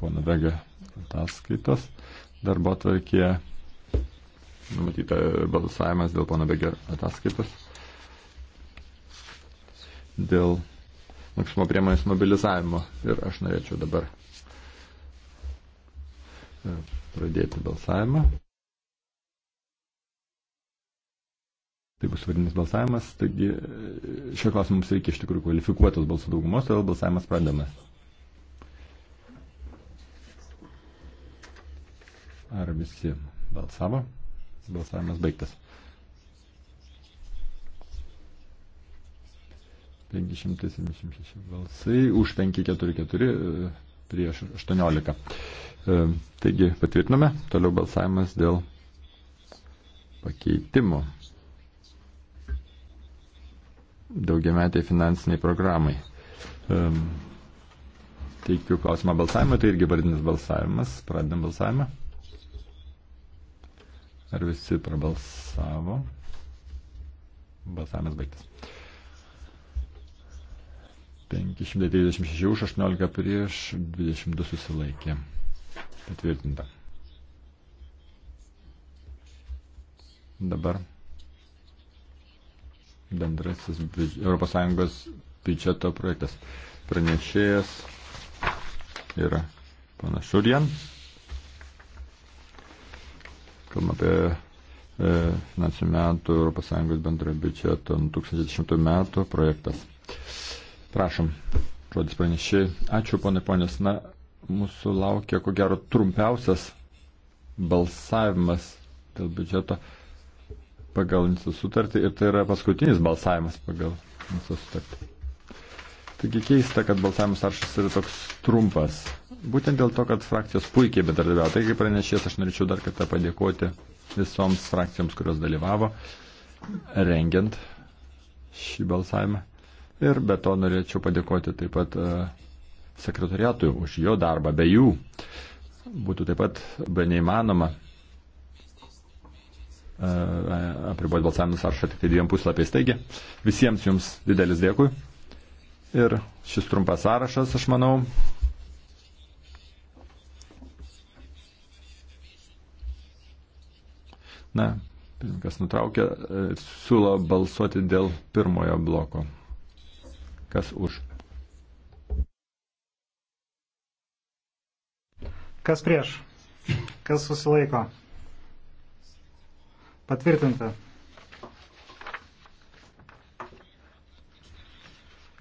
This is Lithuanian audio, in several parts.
pono Vega ataskaitos. Darbo atvarkėje numatyta balsavimas dėl pono Vega ataskaitos. Dėl maksimum priemonės mobilizavimo. Ir aš norėčiau dabar e, pradėti balsavimą. Tai bus vadinis balsavimas, taigi e, šio klausimu mums reikia iš tikrųjų kvalifikuotos balsų daugumos, todėl balsavimas pradedamas. Ar visi balsavo? Balsavimas baigtas. 576 balsai už 544 e, prieš 18. E, taigi patvirtiname, toliau balsavimas dėl pakeitimų daugiametiai finansiniai programai. E, teikiu klausimą balsavimą, tai irgi vardinis balsavimas, pradedam balsavimą. Ar visi prabalsavo? Balsavimas baigtas. 536 už 18 prieš 22 susilaikė. Patvirtinta. Dabar bendrasis ES biudžeto projektas. Pranešėjas yra panašurien kalbame apie e, finansinių metų ES bendrojo biudžeto 2010 metų projektas. Prašom, žodis pranešėjai. Ačiū, ponai ponės. Na, mūsų laukia, ko gero, trumpiausias balsavimas dėl biudžeto pagal mūsų sutartį ir tai yra paskutinis balsavimas pagal mūsų sutartį. Taigi keista, kad balsavimo sąrašas yra toks trumpas. Būtent dėl to, kad frakcijos puikiai bedarbiavo. Tai kaip pranešės, aš norėčiau dar kartą padėkoti visoms frakcijoms, kurios dalyvavo rengiant šį balsavimą. Ir be to norėčiau padėkoti taip pat e, sekretoriatui už jo darbą. Be jų būtų taip pat be neįmanoma e, apriboti balsavimų sąrašą tik tai dviem puslapiais. Taigi, visiems jums didelis dėkui. Ir šis trumpas sąrašas, aš manau, Na, pirmininkas nutraukė, e, siūlo balsuoti dėl pirmojo bloko. Kas už? Kas prieš? Kas susilaiko? Patvirtinta.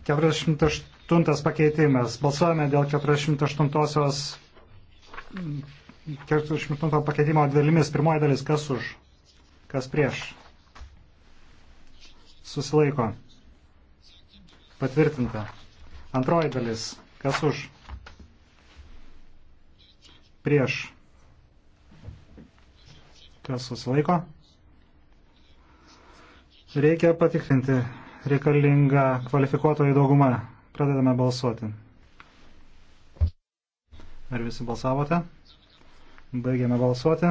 48 pakeitimas. Balsuojame dėl 48 48 pakeitimo dalimis. Pirmoji dalis, kas už, kas prieš. Susilaiko. Patvirtinta. Antroji dalis, kas už. Prieš. Kas susilaiko. Reikia patikrinti reikalingą kvalifikuotojų daugumą. Pradedame balsuoti. Ar visi balsavote? Baigėme balsuoti.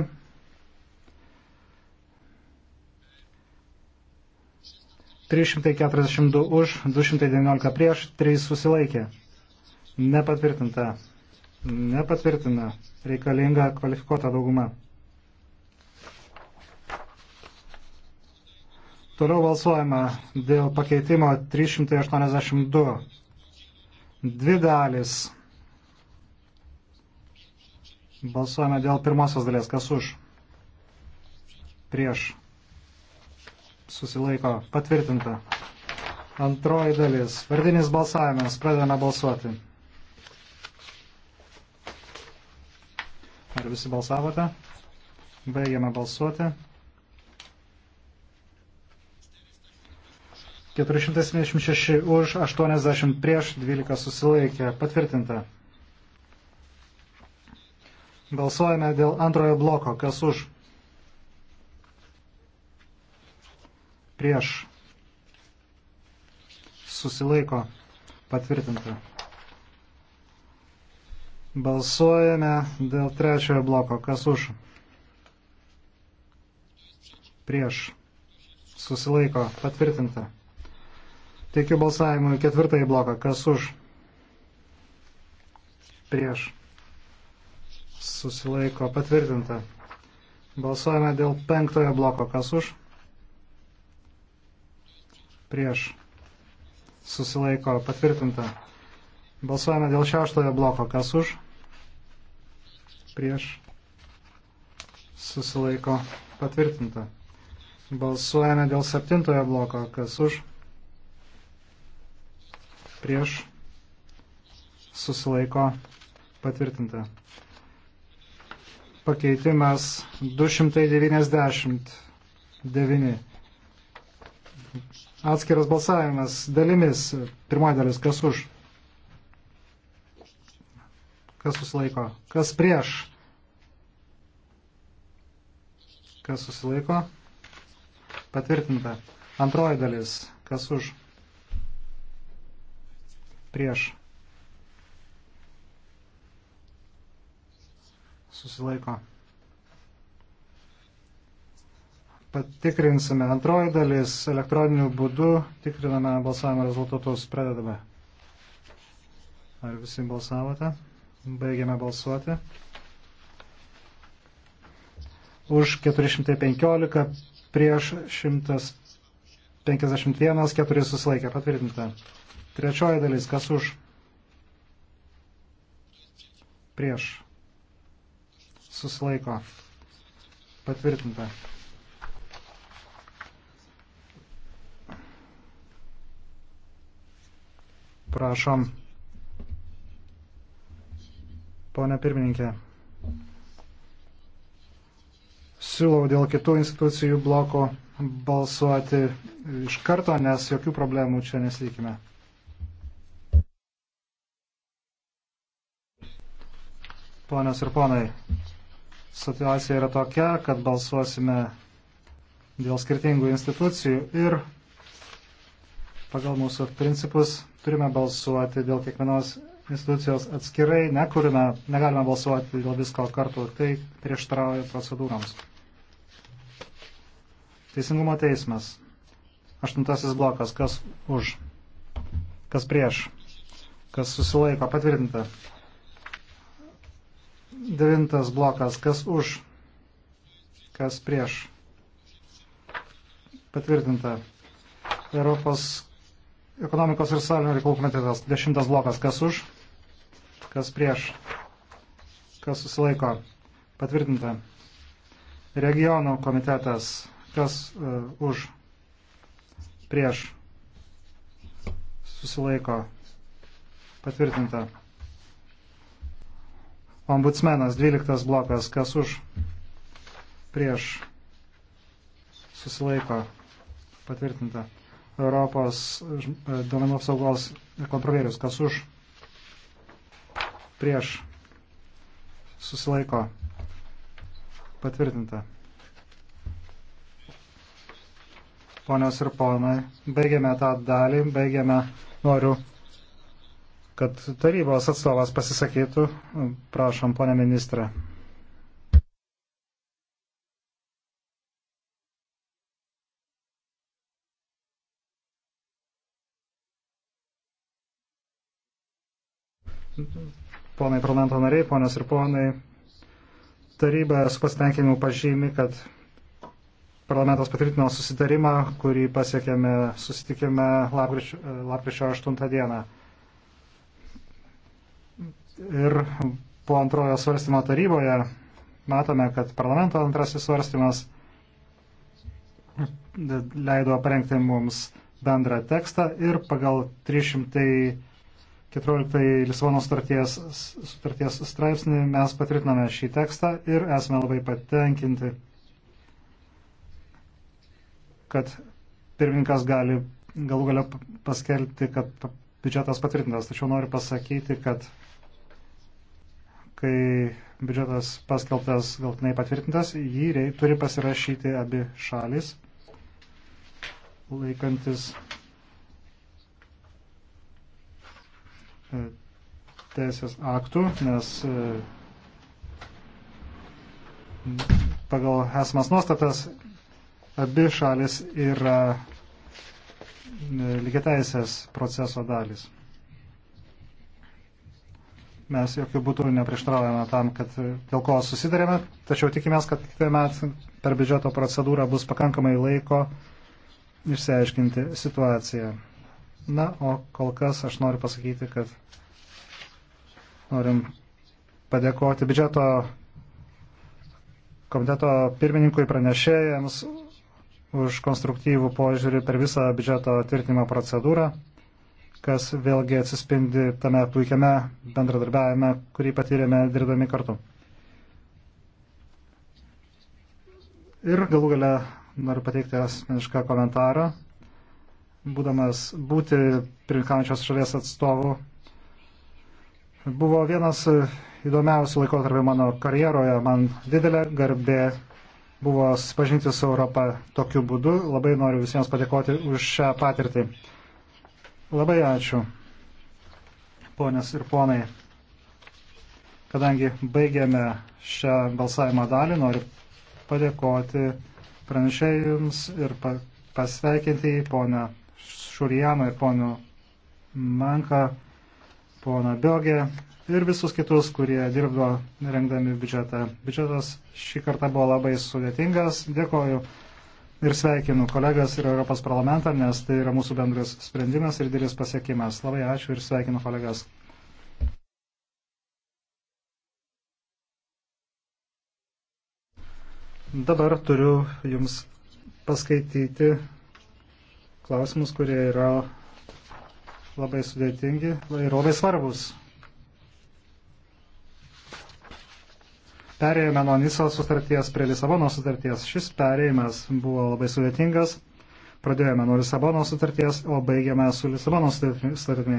Trys šimtai keturiasdešimt du už, du šimtai devyniolika prieš, trys susilaikė. Nepatvirtinta. Nepatvirtina. Reikalinga kvalifikuota dauguma. Toliau balsuojama dėl pakeitimo 382. Dvi dalis. Balsuojame dėl pirmosios dalies. Kas už? Prieš. Susilaiko. Patvirtinta. Antroji dalis. Vardinis balsavimas. Pradedame balsuoti. Ar visi balsavote? Baigiame balsuoti. 476 už, 80 prieš, 12 susilaikė. Patvirtinta. Balsuojame dėl antrojo bloko. Kas už? Prieš. Susilaiko. Patvirtinta. Balsuojame dėl trečiojo bloko. Kas už? Prieš. Susilaiko. Patvirtinta. Teikiu balsavimui ketvirtąjį bloką. Kas už? Prieš susilaiko patvirtinta. Balsuojame dėl penktojo bloko. Kas už? Prieš. Susilaiko patvirtinta. Balsuojame dėl šeštojo bloko. Kas už? Prieš. Susilaiko patvirtinta. Balsuojame dėl septintojo bloko. Kas už? Prieš. Susilaiko patvirtinta pakeitimas 299. Atskiras balsavimas dalimis. Pirmoji dalis, kas už? Kas susilaiko? Kas prieš? Kas susilaiko? Patvirtinta. Antroji dalis. Kas už? Prieš. susilaiko. Patikrinsime antroji dalis elektroniniu būdu, tikriname balsavimo rezultatus, pradedame. Ar visi balsavote? Baigiame balsuoti. Už 415, prieš 151, 4 susilaikė, patvirtinta. Trečioji dalis, kas už? Prieš susilaiko patvirtinta. Prašom. Pone pirmininkė, siūlau dėl kitų institucijų bloko balsuoti iš karto, nes jokių problemų čia neslikime. Ponios ir ponai, situacija yra tokia, kad balsuosime dėl skirtingų institucijų ir pagal mūsų principus turime balsuoti dėl kiekvienos institucijos atskirai, nekurime, negalime balsuoti dėl visko kartu, tai prieštarauja procedūrams. Teisingumo teismas. Aštuntasis blokas. Kas už? Kas prieš? Kas susilaiko? Patvirtinta. Devintas blokas, kas už, kas prieš. Patvirtinta. Europos ekonomikos ir salinių reikalų komitetas. Dešimtas blokas, kas už, kas prieš, kas susilaiko. Patvirtinta. Regionų komitetas, kas uh, už, prieš, susilaiko. Patvirtinta. Ombudsmenas 12 blokas, kas už prieš susilaiko patvirtinta. Europos e, duomenų apsaugos kontrolierius, kas už prieš susilaiko patvirtinta. Ponios ir ponai, baigiame tą dalį, baigiame, noriu kad tarybos atstovas pasisakytų. Prašom, ponė ministrė. Ponai parlamento nariai, ponios ir ponai, taryba su pasitenkinimu pažymi, kad parlamentas patvirtino susitarimą, kurį pasiekėme susitikime lapkričio 8 dieną. Ir po antrojo svarstymo taryboje matome, kad parlamento antrasis svarstymas leido parengti mums bendrą tekstą ir pagal 314 Lisabono sutarties, sutarties straipsnį mes patvirtiname šį tekstą ir esame labai patenkinti, kad pirmininkas gali galų galę paskelbti, kad biudžetas patvirtintas. Tačiau noriu pasakyti, kad kai biudžetas paskelbtas galtinai patvirtintas, jį rei, turi pasirašyti abi šalis, laikantis e, teisės aktų, nes e, pagal esamas nuostatas abi šalis yra e, lygiateisės proceso dalis. Mes jokių būtų neprieštraujame tam, kad dėl ko susidarėme, tačiau tikimės, kad kitą metą per biudžeto procedūrą bus pakankamai laiko išsiaiškinti situaciją. Na, o kol kas aš noriu pasakyti, kad norim padėkoti biudžeto komiteto pirmininkui pranešėjams už konstruktyvų požiūrį per visą biudžeto tvirtinimo procedūrą kas vėlgi atsispindi tame puikiame bendradarbiavime, kurį patyrėme dirbdami kartu. Ir galų gale noriu pateikti asmenišką komentarą. Būdamas būti pirmkaujančios šalies atstovu, buvo vienas įdomiausių laikotarpių mano karjeroje. Man didelė garbė buvo susipažinti su Europą tokiu būdu. Labai noriu visiems padėkoti už šią patirtį. Labai ačiū, ponės ir ponai. Kadangi baigėme šią balsavimo dalį, noriu padėkoti pranešėjams ir pasveikinti ponę Šurijaną ir ponę Manką, poną Biogę ir visus kitus, kurie dirbo rengdami biudžetą. Biudžetas šį kartą buvo labai sudėtingas. Dėkoju ir sveikinu kolegas ir Europos parlamentą, nes tai yra mūsų bendras sprendimas ir didelis pasiekimas. Labai ačiū ir sveikinu kolegas. Dabar turiu Jums paskaityti klausimus, kurie yra labai sudėtingi ir labai svarbus. Perėjome nuo Niso sutarties prie Lisabono sutarties. Šis perėjimas buvo labai sudėtingas. Pradėjome nuo Lisabono sutarties, o baigėme su Lisabono sutartimi.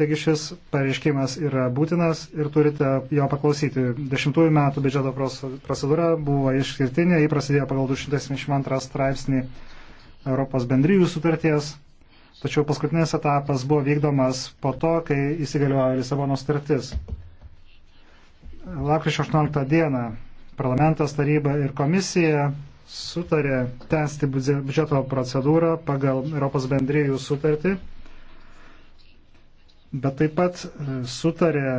Taigi šis pareiškimas yra būtinas ir turite jo paklausyti. Dešimtųjų metų biudžeto procedūra buvo išskirtinė, jį prasidėjo pagal 272 straipsnį Europos bendryjų sutarties, tačiau paskutinis etapas buvo vykdomas po to, kai įsigaliojo Lisabono sutartis. Lapkričio 18 dieną parlamentas, taryba ir komisija sutarė tęsti biudžeto procedūrą pagal Europos bendrijų sutartį, bet taip pat e, sutarė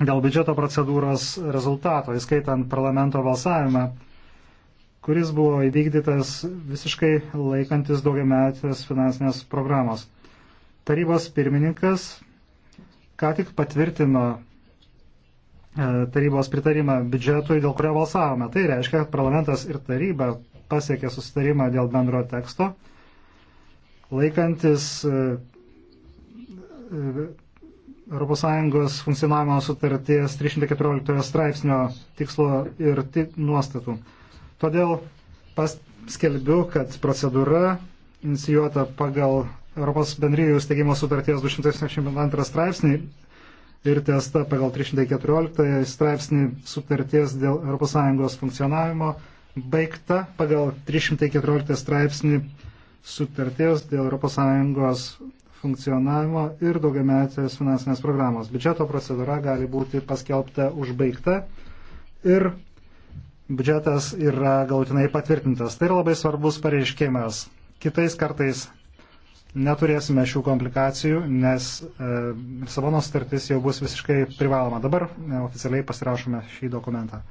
dėl biudžeto procedūros rezultato, įskaitant parlamento balsavimą, kuris buvo įvykdytas visiškai laikantis daugiametės finansinės programos. Tarybos pirmininkas ką tik patvirtino E, tarybos pritarimą biudžetui, dėl kurio balsavome. Tai reiškia, kad parlamentas ir taryba pasiekė susitarimą dėl bendro teksto, laikantis ES e, funkcionavimo sutarties 314 straipsnio tikslo ir nuostatų. Todėl paskelbiu, kad procedūra inicijuota pagal Europos bendryjų steigimo sutarties 272 straipsnį ir testa pagal 314 straipsnį sutarties dėl ES funkcionavimo, baigta pagal 314 straipsnį sutarties dėl ES funkcionavimo ir daugiametės finansinės programos. Biudžeto procedūra gali būti paskelbta užbaigta ir biudžetas yra galutinai patvirtintas. Tai yra labai svarbus pareiškimas. Kitais kartais neturėsime šių komplikacijų, nes e, Lisabonos e, startis jau bus visiškai privaloma. Dabar e, oficialiai pasirašome šį dokumentą.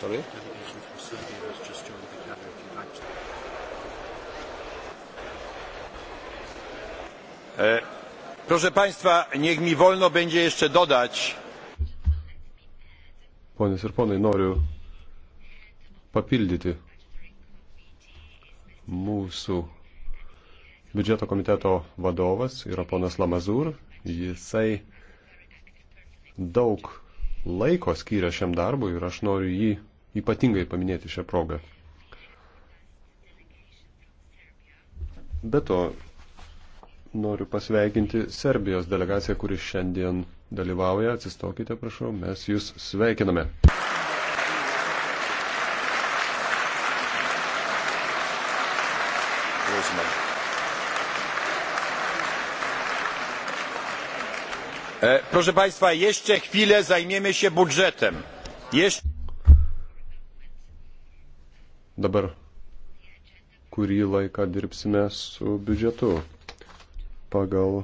Sorry? Delegation from Serbia has just joined the gathering if you'd like to. E, proszę Państwa, niech mi wolno będzie jeszcze dodać. Ponios ir ponai, noriu papildyti mūsų biudžeto komiteto vadovas yra ponas Lamazur. Jisai daug laiko skyrė šiam darbui ir aš noriu jį ypatingai paminėti šią progą. Be to, noriu pasveikinti Serbijos delegaciją, kuri šiandien dalyvauja. Atsistokite, prašau, mes jūs sveikiname. Klausimai. E, proszę Państwa, jeszcze chwilę zajmiemy się budżetem. Jeszcze... Dabar kurį laiką dirbsime su biudžetu pagal